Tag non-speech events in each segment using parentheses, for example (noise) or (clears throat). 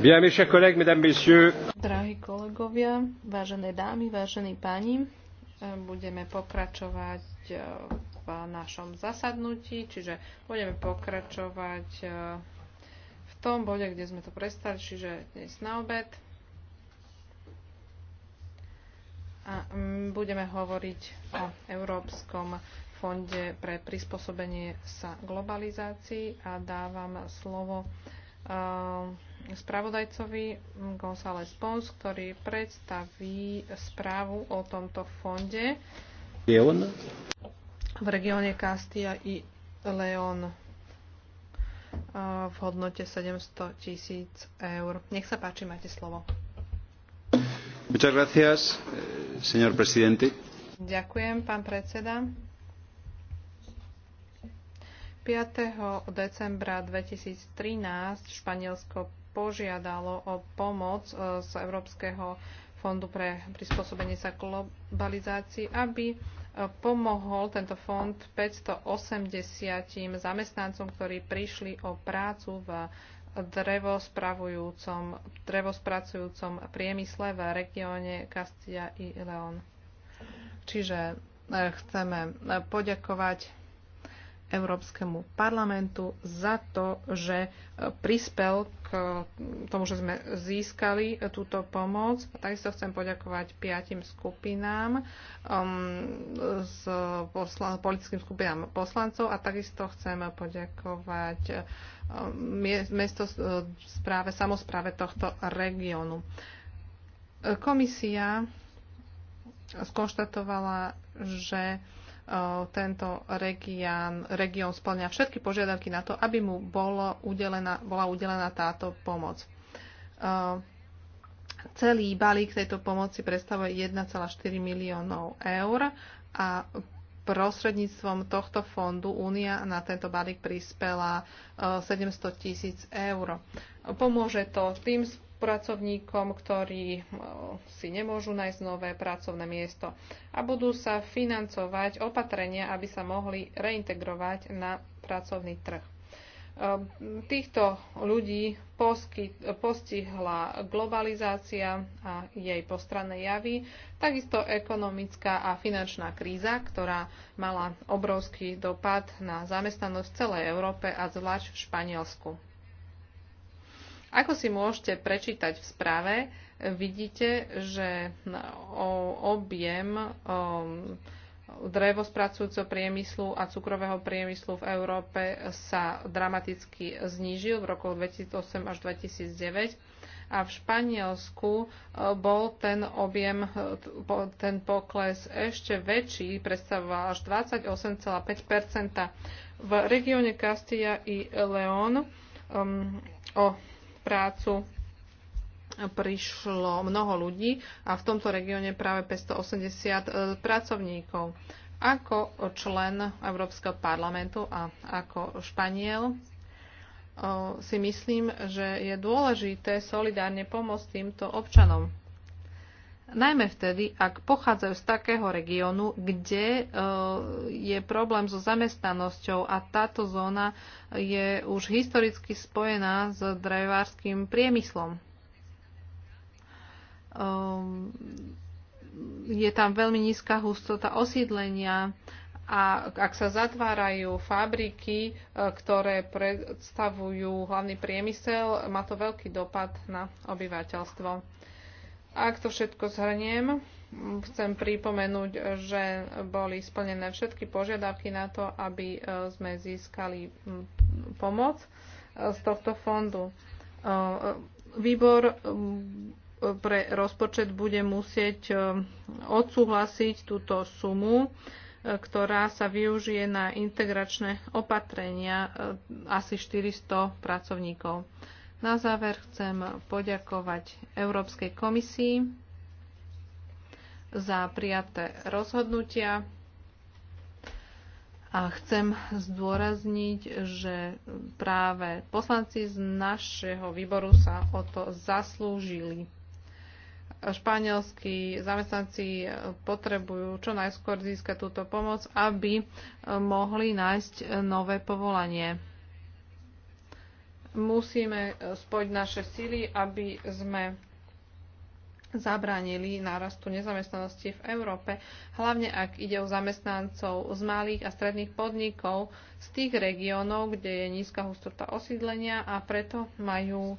Bien, mes chers collègues, mesdames, messieurs. Drahí kolegovia, vážené dámy, vážení páni, e, budeme pokračovať e, v našom zasadnutí, čiže budeme pokračovať e, v tom bode, kde sme to prestali, čiže dnes na obed. A budeme hovoriť o Európskom fonde pre prispôsobenie sa globalizácii a dávam slovo uh, spravodajcovi González Pons, ktorý predstaví správu o tomto fonde v regióne Castilla i León v hodnote 700 tisíc eur. Nech sa páči, máte slovo. Muchas gracias, señor presidente. Ďakujem, pán predseda. 5. decembra 2013 Španielsko požiadalo o pomoc e, z Európskeho fondu pre prispôsobenie sa globalizácii, aby e, pomohol tento fond 580 zamestnancom, ktorí prišli o prácu v drevospravujúcom, drevospracujúcom priemysle v regióne Castilla i León. Čiže e, chceme poďakovať Európskemu parlamentu za to, že e, prispel k e, tomu, že sme získali e, túto pomoc. Takisto chcem poďakovať piatim skupinám, um, s posla- politickým skupinám poslancov a takisto chcem poďakovať um, mesto správe, samozpráve tohto regiónu. Komisia skonštatovala, že E, tento región, región splňa všetky požiadavky na to, aby mu bolo udelená, bola udelená táto pomoc. E, celý balík tejto pomoci predstavuje 1,4 miliónov eur a prostredníctvom tohto fondu Únia na tento balík prispela 700 e, tisíc eur. Pomôže to tým pracovníkom, ktorí eh, si nemôžu nájsť nové pracovné miesto a budú sa financovať opatrenia, aby sa mohli reintegrovať na pracovný trh. Eh, týchto ľudí postihla globalizácia a jej postranné javy, takisto ekonomická a finančná kríza, ktorá mala obrovský dopad na zamestnanosť v celej Európe a zvlášť v Španielsku. Ako si môžete prečítať v správe, vidíte, že objem drevospracujúceho priemyslu a cukrového priemyslu v Európe sa dramaticky znížil v rokoch 2008 až 2009 a v Španielsku bol ten objem, ten pokles ešte väčší, predstavoval až 28,5 V regióne Castilla i León um, o prácu prišlo mnoho ľudí a v tomto regióne práve 580 e, pracovníkov. Ako člen Európskeho parlamentu a ako Španiel e, si myslím, že je dôležité solidárne pomôcť týmto občanom najmä vtedy, ak pochádzajú z takého regiónu, kde e, je problém so zamestnanosťou a táto zóna je už historicky spojená s drevárským priemyslom. Ehm, je tam veľmi nízka hustota osídlenia a ak sa zatvárajú fabriky, e, ktoré predstavujú hlavný priemysel, má to veľký dopad na obyvateľstvo. Ak to všetko zhrniem, chcem pripomenúť, že boli splnené všetky požiadavky na to, aby e, sme získali pomoc e, z tohto fondu. E, výbor pre rozpočet bude musieť odsúhlasiť túto sumu, ktorá sa využije na integračné opatrenia asi 400 pracovníkov. Na záver chcem poďakovať Európskej komisii za prijaté rozhodnutia a chcem zdôrazniť, že práve poslanci z našeho výboru sa o to zaslúžili španielskí zamestnanci potrebujú čo najskôr získať túto pomoc, aby mohli nájsť nové povolanie musíme e, spojiť naše sily, aby sme zabránili nárastu nezamestnanosti v Európe, hlavne ak ide o zamestnancov z malých a stredných podnikov z tých regiónov, kde je nízka hustota osídlenia a preto majú e,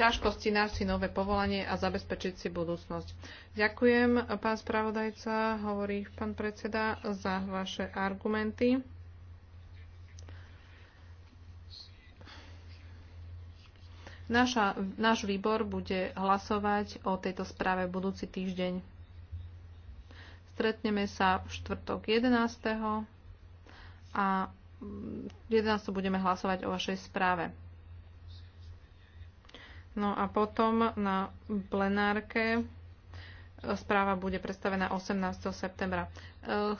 ťažkosti nájsť si nové povolanie a zabezpečiť si budúcnosť. Ďakujem, pán spravodajca, hovorí pán predseda, za vaše argumenty. Naša, náš výbor bude hlasovať o tejto správe budúci týždeň. Stretneme sa v štvrtok 11. a 11. budeme hlasovať o vašej správe. No a potom na plenárke správa bude predstavená 18. septembra. E,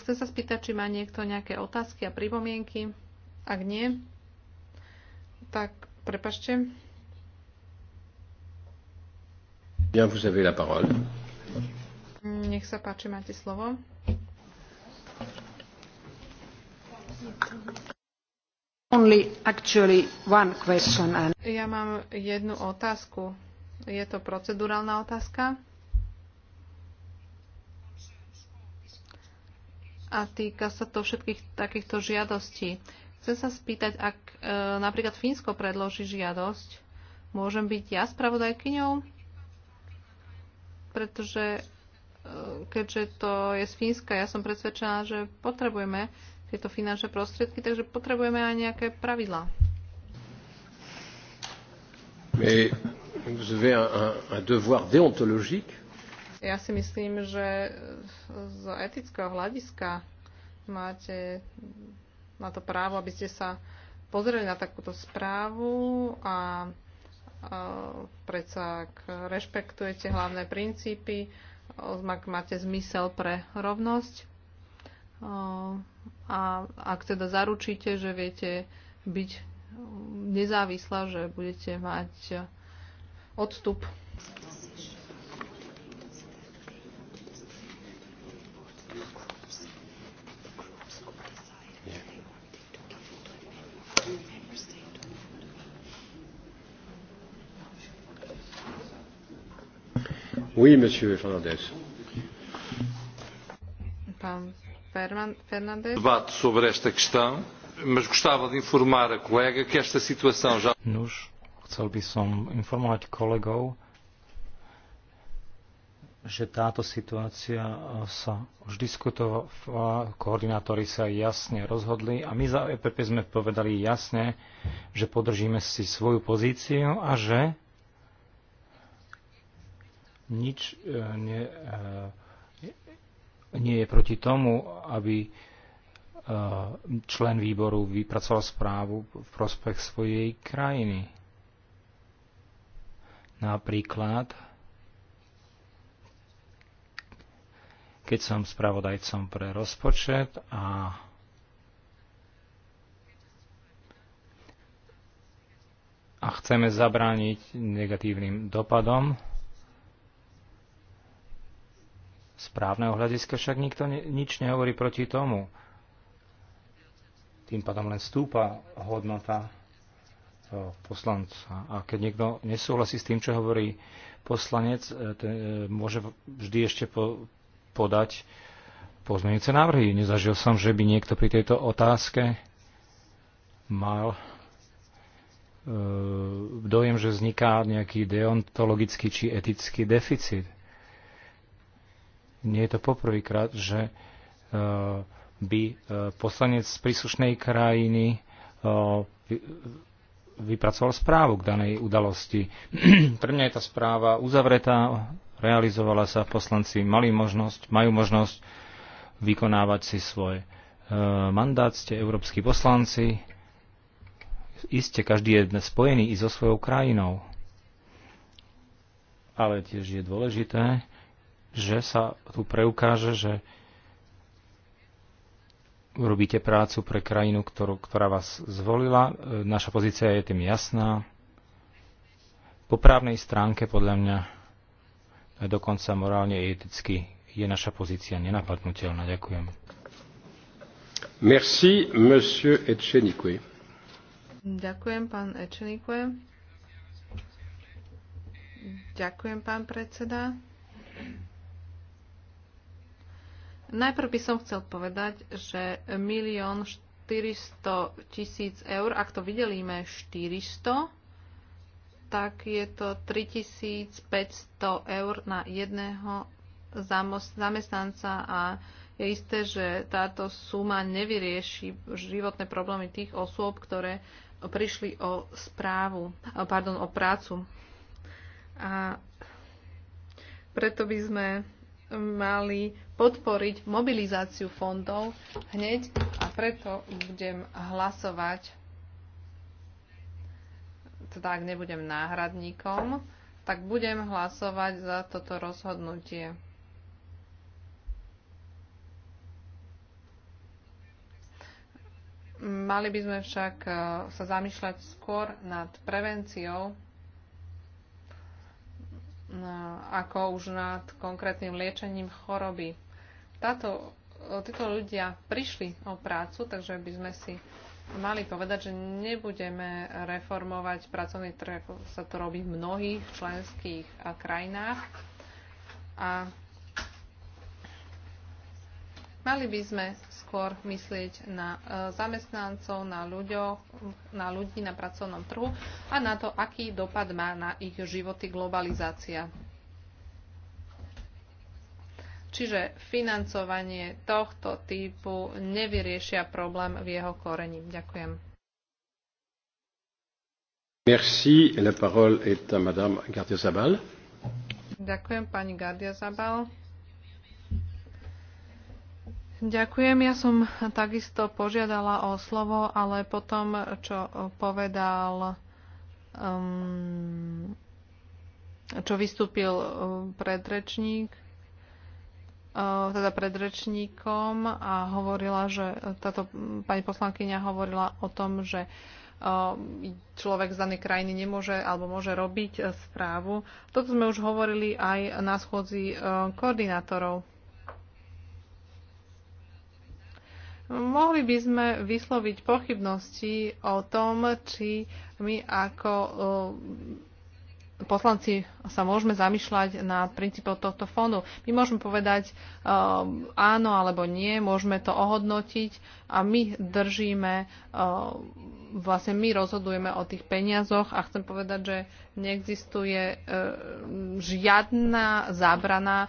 Chcem sa spýtať, či má niekto nejaké otázky a pripomienky. Ak nie, tak prepašte. Ja vous avez la parole. Nech sa páči, máte slovo. Only actually one question and... Ja mám jednu otázku. Je to procedurálna otázka? a týka sa to všetkých takýchto žiadostí. Chcem sa spýtať, ak e, napríklad Fínsko predloží žiadosť, môžem byť ja spravodajkyňou? pretože e, keďže to je z Fínska, ja som presvedčená, že potrebujeme tieto finančné prostriedky, takže potrebujeme aj nejaké pravidlá. Ja si myslím, že z etického hľadiska máte na to právo, aby ste sa pozreli na takúto správu a predsa ak rešpektujete hlavné princípy, ak máte zmysel pre rovnosť a ak teda zaručíte, že viete byť nezávislá, že budete mať odstup Debate sobre esta questão, mas gostava de informar a colega que esta situação já... Nuž, chcel by som informovať kolegov, že táto situácia eh, sa už diskutovala, koordinátori sa jasne rozhodli a my za EPP sme povedali jasne, že podržíme si svoju pozíciu a že nič e, ne, e, nie je proti tomu, aby e, člen výboru vypracoval správu v prospech svojej krajiny. Napríklad, keď som spravodajcom pre rozpočet a a chceme zabrániť negatívnym dopadom správneho hľadiska však nikto ne, nič nehovorí proti tomu. Tým pádom len stúpa hodnota e, poslanca. A keď niekto nesúhlasí s tým, čo hovorí poslanec, e, ten e, môže vždy ešte po, podať pozmeňujúce návrhy. Nezažil som, že by niekto pri tejto otázke mal dojem, že vzniká nejaký deontologický či etický deficit. Nie je to poprvýkrát, že e, by e, poslanec z príslušnej krajiny e, vypracoval správu k danej udalosti. (clears throat) Pre mňa je tá správa uzavretá, realizovala sa, poslanci mali možnosť, majú možnosť vykonávať si svoj mandát, ste európsky poslanci, iste každý je dnes spojený i so svojou krajinou. Ale tiež je dôležité, že sa tu preukáže, že robíte prácu pre krajinu, ktorú, ktorá vás zvolila. E, naša pozícia je tým jasná. Po právnej stránke, podľa mňa, dokonca morálne i eticky, je naša pozícia nenapadnutelná. Ďakujem. Merci, monsieur Echenique. Ďakujem, pán Echenique. Ďakujem, pán predseda. Najprv by som chcel povedať, že milión 400 tisíc eur, ak to vydelíme 400, tak je to 3500 eur na jedného zamestnanca a je isté, že táto suma nevyrieši životné problémy tých osôb, ktoré prišli o správu, pardon, o prácu. A preto by sme mali podporiť mobilizáciu fondov hneď a preto budem hlasovať, teda ak nebudem náhradníkom, tak budem hlasovať za toto rozhodnutie. Mali by sme však e, sa zamýšľať skôr nad prevenciou e, ako už nad konkrétnym liečením choroby táto, títo ľudia prišli o prácu, takže by sme si mali povedať, že nebudeme reformovať pracovný trh, ako sa to robí v mnohých členských krajinách. A mali by sme skôr myslieť na e, zamestnancov, na, ľuďoch, na ľudí na pracovnom trhu a na to, aký dopad má na ich životy globalizácia. Čiže financovanie tohto typu nevyriešia problém v jeho koreni. Ďakujem. Merci. La parole est à Madame Gardia Zabal. Ďakujem, pani Gardia Zabal. Ďakujem, ja som takisto požiadala o slovo, ale potom, čo povedal, um, čo vystúpil um, predrečník, teda pred rečníkom a hovorila, že táto pani poslankyňa hovorila o tom, že človek z danej krajiny nemôže alebo môže robiť e, správu. Toto sme už hovorili aj na schôdzi koordinátorov. Mohli by sme vysloviť pochybnosti o tom, či my ako poslanci sa môžeme zamýšľať nad princípom tohto fondu. My môžeme povedať uh, áno alebo nie, môžeme to ohodnotiť a my držíme uh, vlastne my rozhodujeme o tých peniazoch a chcem povedať, že neexistuje e, žiadna zábrana e,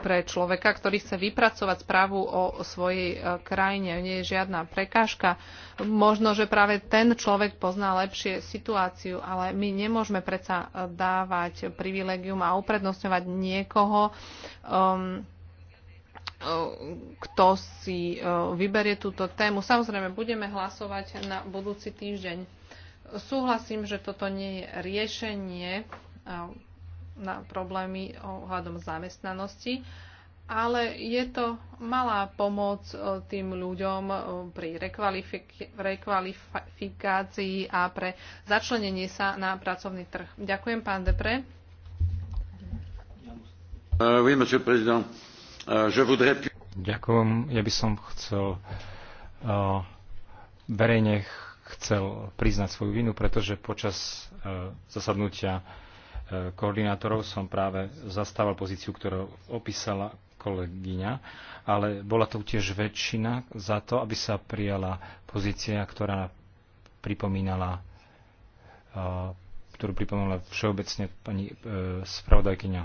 pre človeka, ktorý chce vypracovať správu o svojej e, krajine. Nie je žiadna prekážka. Možno, že práve ten človek pozná lepšie situáciu, ale my nemôžeme predsa dávať privilegium a uprednostňovať niekoho, E, E, kto si e, vyberie túto tému. Samozrejme, budeme hlasovať na budúci týždeň. Súhlasím, že toto nie je riešenie e, na problémy ohľadom zamestnanosti, ale je to malá pomoc tým ľuďom pri rekvalifikácii a pre začlenenie sa na pracovný trh. Ďakujem, pán Depre. Uh, oui, monsieur le président. Euh, Ďakujem. Ja by som chcel uh, verejne chcel priznať svoju vinu, pretože počas uh, zasadnutia uh, koordinátorov som práve zastával pozíciu, ktorú opísala kolegyňa, ale bola to tiež väčšina za to, aby sa prijala pozícia, ktorá pripomínala ktorú pripomínala všeobecne pani spravodajkyňa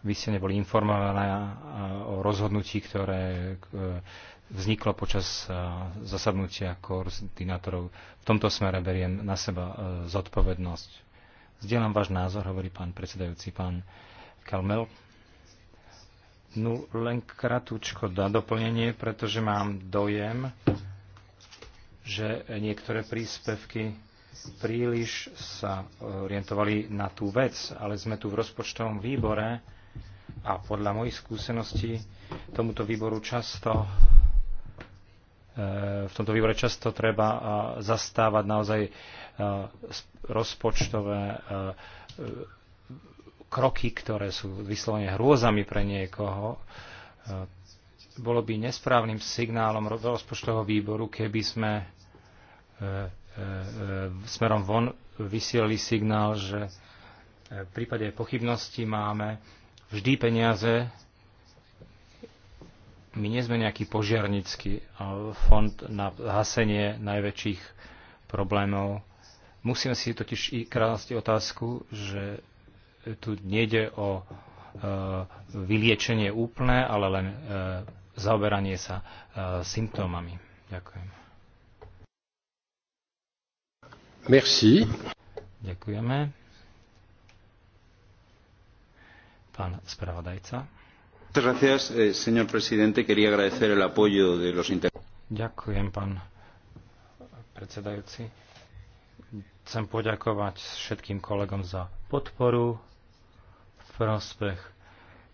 vy ste neboli informovaná o rozhodnutí, ktoré e, vzniklo počas e, zasadnutia koordinátorov. V tomto smere beriem na seba e, zodpovednosť. Zdieľam váš názor, hovorí pán predsedajúci, pán Kalmel. No, len kratúčko na doplnenie, pretože mám dojem, že niektoré príspevky príliš sa orientovali na tú vec, ale sme tu v rozpočtovom výbore a podľa mojich skúseností tomuto výboru často e, v tomto výbore často treba e, zastávať naozaj e, rozpočtové kroky, ktoré sú vyslovene hrôzami pre niekoho. Bolo by nesprávnym signálom rozpočtového výboru, keby sme E, e, smerom von vysielali signál, že e, v prípade pochybnosti máme vždy peniaze. My nie sme nejaký požiarnický fond na hasenie najväčších problémov. Musíme si totiž i krásť otázku, že tu nejde o vyliečenie úplné, ale len zaoberanie sa symptómami. Ďakujem. Merci. Ďakujeme. Pán spravodajca. Eh, Ďakujem, pán predsedajúci. Chcem poďakovať všetkým kolegom za podporu v prospech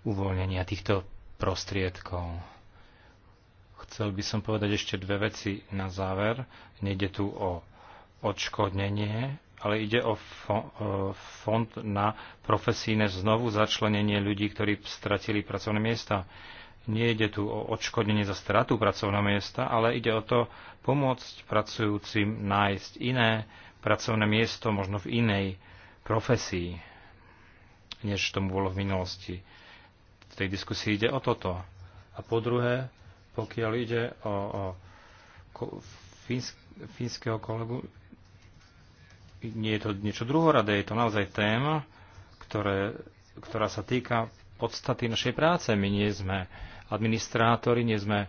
uvoľnenia týchto prostriedkov. Chcel by som povedať ešte dve veci na záver. Nejde tu o odškodnenie, ale ide o fond na profesíne znovu začlenenie ľudí, ktorí stratili pracovné miesta. Nie ide tu o odškodnenie za stratu pracovného miesta, ale ide o to pomôcť pracujúcim nájsť iné pracovné miesto, možno v inej profesii, než tomu bolo v minulosti. V tej diskusii ide o toto. A po druhé, pokiaľ ide o, o fínskeho kolegu, nie je to niečo druhoradé, je to naozaj téma, ktoré, ktorá sa týka podstaty našej práce. My nie sme administrátori, nie sme e,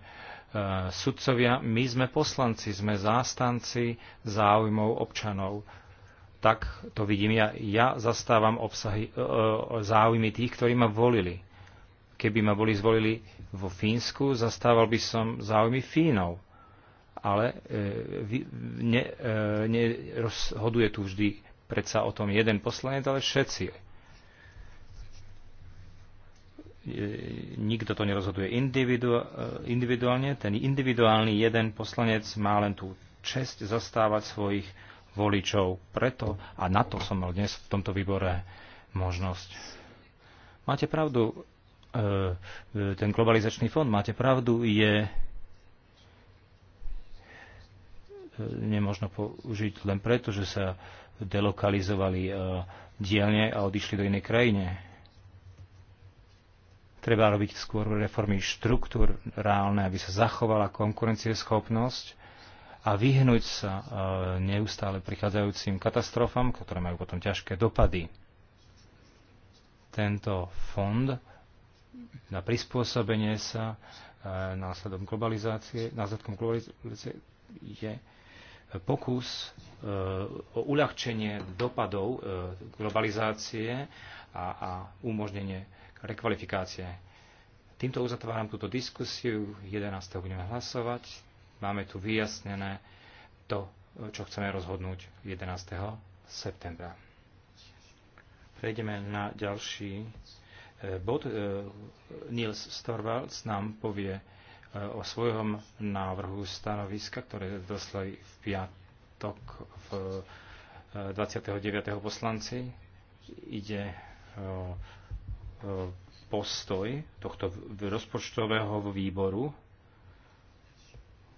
sudcovia, my sme poslanci, sme zástanci záujmov občanov. Tak to vidím ja. Ja zastávam obsahy, e, e záujmy tých, ktorí ma volili. Keby ma boli zvolili vo Fínsku, zastával by som záujmy Fínov ale e, ne e, rozhoduje tu vždy predsa o tom jeden poslanec, ale všetci. E, nikto to nerozhoduje individu, e, individuálne. Ten individuálny jeden poslanec má len tú čest zastávať svojich voličov. Preto a na to som mal dnes v tomto výbore možnosť. Máte pravdu, ten globalizačný fond, máte pravdu, je nemožno použiť len preto, že sa delokalizovali e, dielne a odišli do inej krajine. Treba robiť skôr reformy reálne, aby sa zachovala konkurencieschopnosť a vyhnúť sa e, neustále prichádzajúcim katastrofám, ktoré majú potom ťažké dopady. Tento fond na prispôsobenie sa e, následom globalizácie, následkom globalizácie je pokus e, o uľahčenie dopadov e, globalizácie a, a umožnenie rekvalifikácie. Týmto uzatváram túto diskusiu. 11. budeme hlasovať. Máme tu vyjasnené to, čo chceme rozhodnúť 11. septembra. Prejdeme na ďalší e, bod. Nils Storvalds nám povie, o svojom návrhu stanoviska, ktoré dostali v piatok v 29. Eh, poslanci. Ide eh, eh, postoj tohto rozpočtového výboru,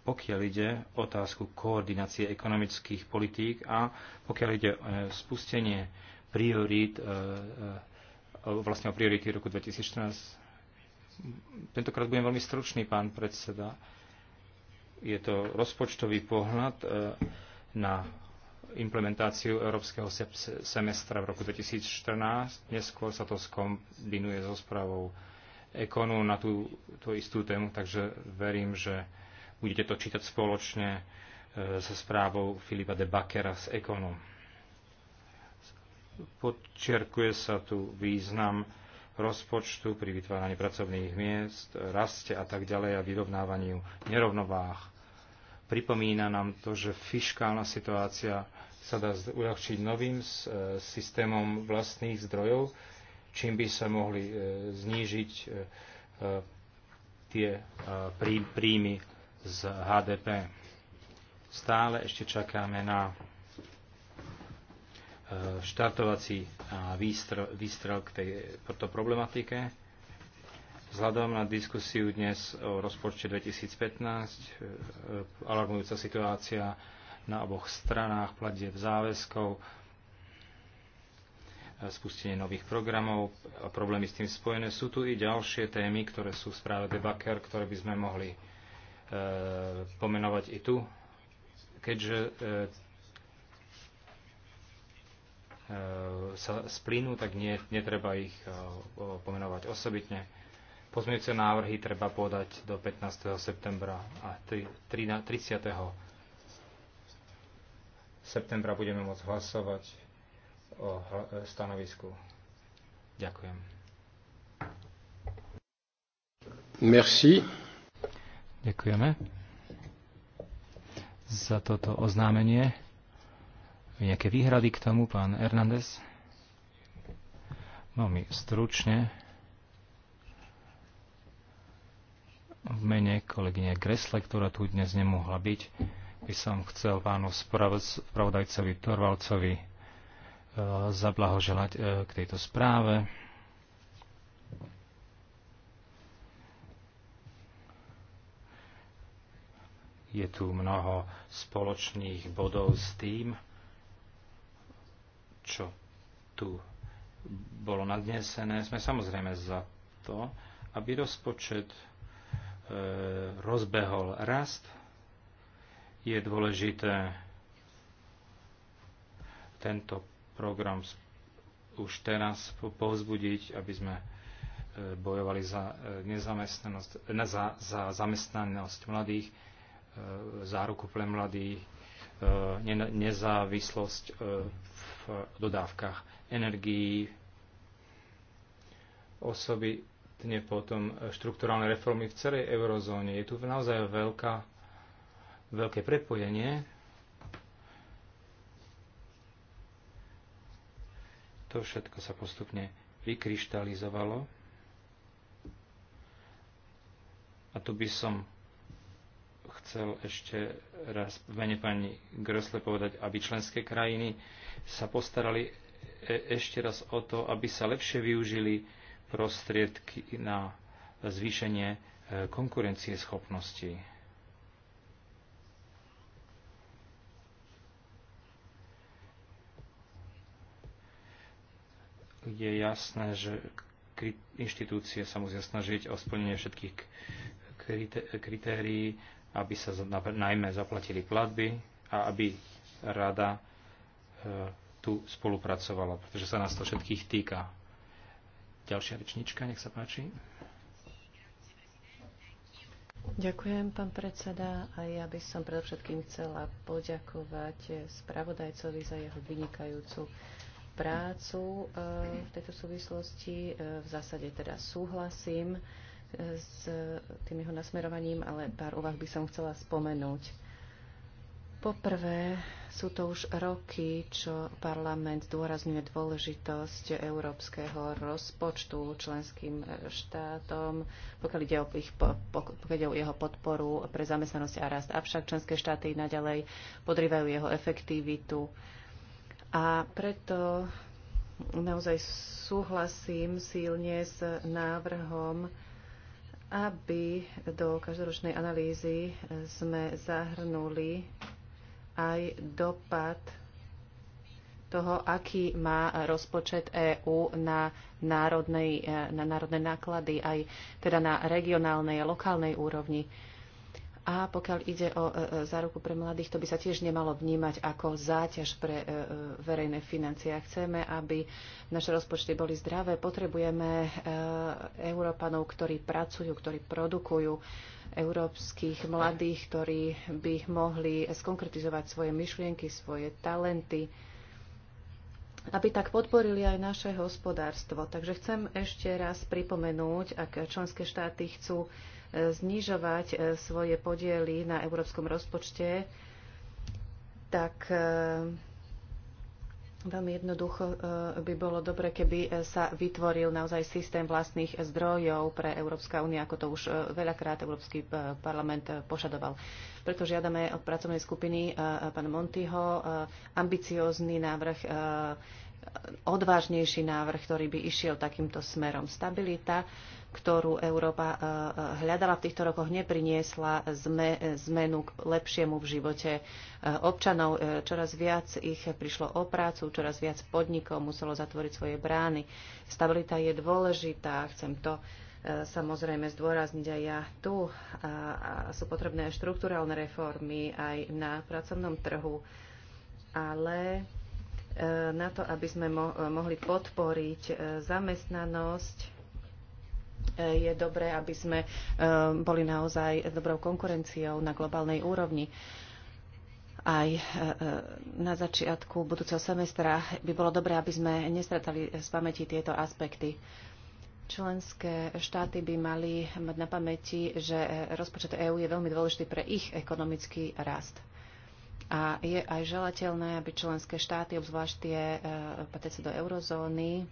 pokiaľ ide otázku koordinácie ekonomických politík a pokiaľ ide o spustenie priorít, vlastne o priority roku 2014 Tentokrát budem veľmi stručný, pán predseda. Je to rozpočtový pohľad e, na implementáciu Európskeho semestra v roku 2014. Neskôr sa to skombinuje so správou Ekonu na tú, tú istú tému, takže verím, že budete to čítať spoločne e, so správou Filipa de Bakera z Ekonu. Podčiarkuje sa tu význam rozpočtu, pri vytváraní pracovných miest, raste a tak ďalej a vyrovnávaniu nerovnováh. Pripomína nám to, že fiškálna situácia sa dá uľahčiť novým e, systémom vlastných zdrojov, čím by sa mohli e, znížiť e, tie príjmy z HDP. Stále ešte čakáme na E, štartovací výstrel, k tejto problematike. Vzhľadom na diskusiu dnes o rozpočte 2015, e, e, alarmujúca situácia na oboch stranách platieb záväzkov, spustenie nových programov a problémy s tým spojené. Sú tu i ďalšie témy, ktoré sú v správe Debaker, ktoré by sme mohli e, pomenovať i tu, keďže e, E, sa splínu, tak nie, netreba ich e, pomenovať osobitne. Pozmeňujúce návrhy treba podať do 15. septembra a 30. septembra budeme môcť hlasovať o e, stanovisku. Ďakujem. Merci. Ďakujeme za toto oznámenie nejaké výhrady k tomu, pán Hernández? my stručne. V mene kolegyne Gresle, ktorá tu dnes nemohla byť, by som chcel pánu spravodajcovi Torvalcovi e, zablahoželať e, k tejto správe. Je tu mnoho spoločných bodov s tým, čo tu bolo nadnesené, sme samozrejme za to, aby rozpočet e, rozbehol rast. Je dôležité tento program už teraz povzbudiť, aby sme e, bojovali za, e, nezamestnanosť, ne, za, za zamestnanosť mladých, e, záruku pre mladých, nezávislosť v dodávkach energií. Osobitne potom štrukturálne reformy v celej eurozóne. Je tu naozaj veľká, veľké prepojenie. To všetko sa postupne vykryštalizovalo. A tu by som chcel ešte raz v mene pani Grosle povedať, aby členské krajiny sa postarali e, ešte raz o to, aby sa lepšie využili prostriedky na zvýšenie e, konkurencie schopnosti. Je jasné, že inštitúcie sa musia snažiť o splnenie všetkých kritérií, aby sa najmä zaplatili platby a aby rada E, tu spolupracovala, pretože sa nás to všetkých týka. Ďalšia rečnička, nech sa páči. Ďakujem, pán predseda. A ja by som predovšetkým chcela poďakovať spravodajcovi za jeho vynikajúcu prácu e, v tejto súvislosti. E, v zásade teda súhlasím s tým jeho nasmerovaním, ale pár úvah by som chcela spomenúť. Poprvé, sú to už roky, čo parlament dôrazňuje dôležitosť európskeho rozpočtu členským štátom, pokiaľ ide o, ich, pokiaľ ide o jeho podporu pre zamestnanosť a rast. Avšak členské štáty naďalej podrývajú jeho efektivitu. A preto naozaj súhlasím silne s návrhom, aby do každoročnej analýzy sme zahrnuli aj dopad toho, aký má rozpočet EÚ na, národnej, na národné náklady, aj teda na regionálnej a lokálnej úrovni. A pokiaľ ide o e, e, záruku pre mladých, to by sa tiež nemalo vnímať ako záťaž pre e, verejné financie. A chceme, aby naše rozpočty boli zdravé, potrebujeme Európanov, ktorí pracujú, ktorí produkujú európskych mladých, ktorí by mohli skonkretizovať svoje myšlienky, svoje talenty aby tak podporili aj naše hospodárstvo. Takže chcem ešte raz pripomenúť, ak členské štáty chcú uh, znižovať e, svoje podiely na európskom rozpočte, tak e, veľmi jednoducho e, by bolo dobre, keby sa vytvoril naozaj systém vlastných zdrojov pre Európska únia, ako to už veľakrát Európsky parlament požadoval. Preto žiadame od pracovnej skupiny pána Montyho ambiciózny návrh odvážnejší návrh, ktorý by išiel takýmto smerom. Stabilita ktorú Európa e, e, hľadala v týchto rokoch, nepriniesla zmenu k lepšiemu v živote e, občanov. Čoraz viac ich prišlo o prácu, čoraz viac podnikov muselo zatvoriť svoje brány. Stabilita je dôležitá, chcem to samozrejme zdôrazniť aj ja tu. A sú potrebné štruktúralne reformy aj na pracovnom trhu, ale na to, aby sme mohli podporiť zamestnanosť, E, je dobré, aby sme e, boli naozaj dobrou konkurenciou na globálnej úrovni. Aj e, na začiatku budúceho semestra by bolo dobré, aby sme nestratali z pamäti tieto aspekty. Členské štáty by mali mať na pamäti, že rozpočet EÚ je veľmi dôležitý pre ich ekonomický rast. A je aj želateľné, aby členské štáty, obzvlášť tie patriace do eurozóny,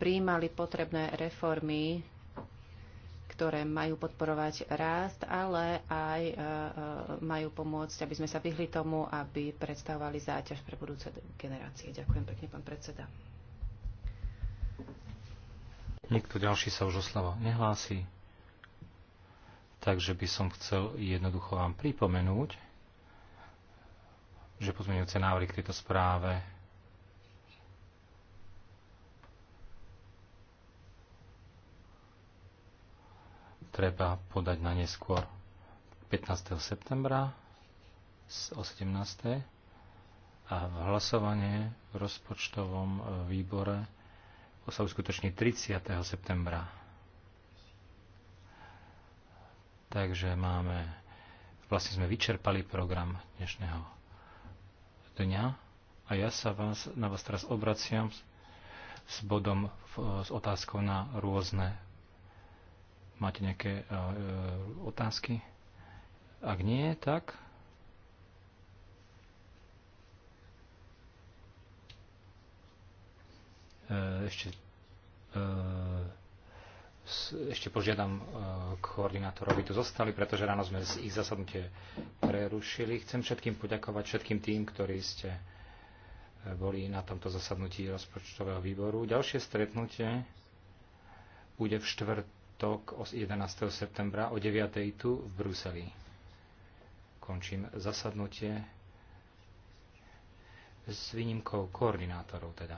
príjmali potrebné reformy, ktoré majú podporovať rást, ale aj e, e, majú pomôcť, aby sme sa vyhli tomu, aby predstavovali záťaž pre budúce generácie. Ďakujem pekne, pán predseda. Nikto ďalší sa už o slovo nehlási. Takže by som chcel jednoducho vám pripomenúť, že pozmeňujúce návrhy k tejto správe treba podať na neskôr 15. septembra o 17. a v hlasovanie v rozpočtovom e, výbore sa uskutoční 30. septembra. Takže máme, vlastne sme vyčerpali program dnešného dňa a ja sa vás, na vás teraz obraciam s, s bodom, e, s otázkou na rôzne Máte nejaké e, e, otázky? Ak nie, tak e, ešte, ešte požiadam koordinátorov, aby tu zostali, pretože ráno sme ich zasadnutie prerušili. Chcem všetkým poďakovať, všetkým tým, ktorí ste boli na tomto zasadnutí rozpočtového výboru. Ďalšie stretnutie bude v štvrtok štvrtok 11. septembra o 9. tu v Bruseli. Končím zasadnutie s výnimkou koordinátorov teda.